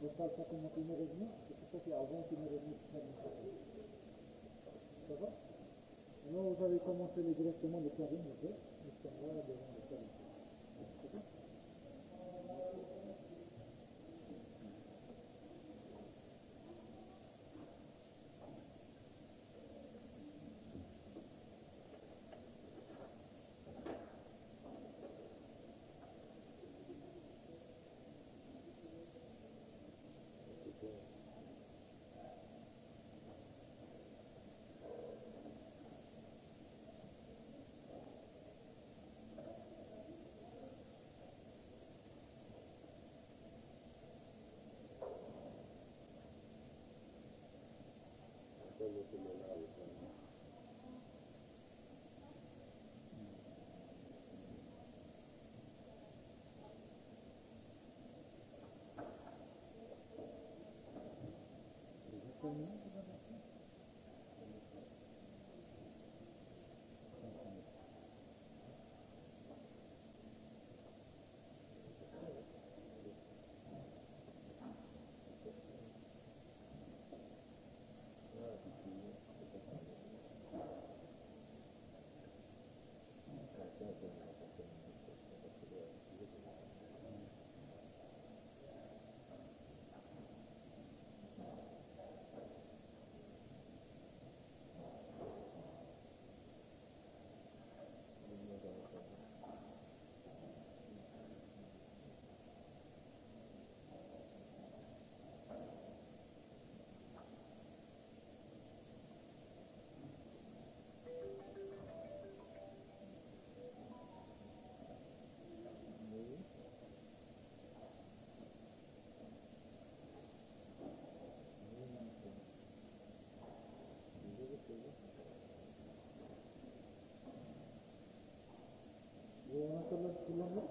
ça, va vous avez commencé directement le ok tulang tulangnya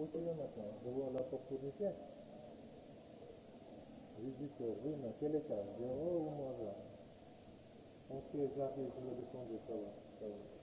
Uite, Ionata, je vois l'opportunité. J'ai dit que oui, mais quel étage Zéro ou On de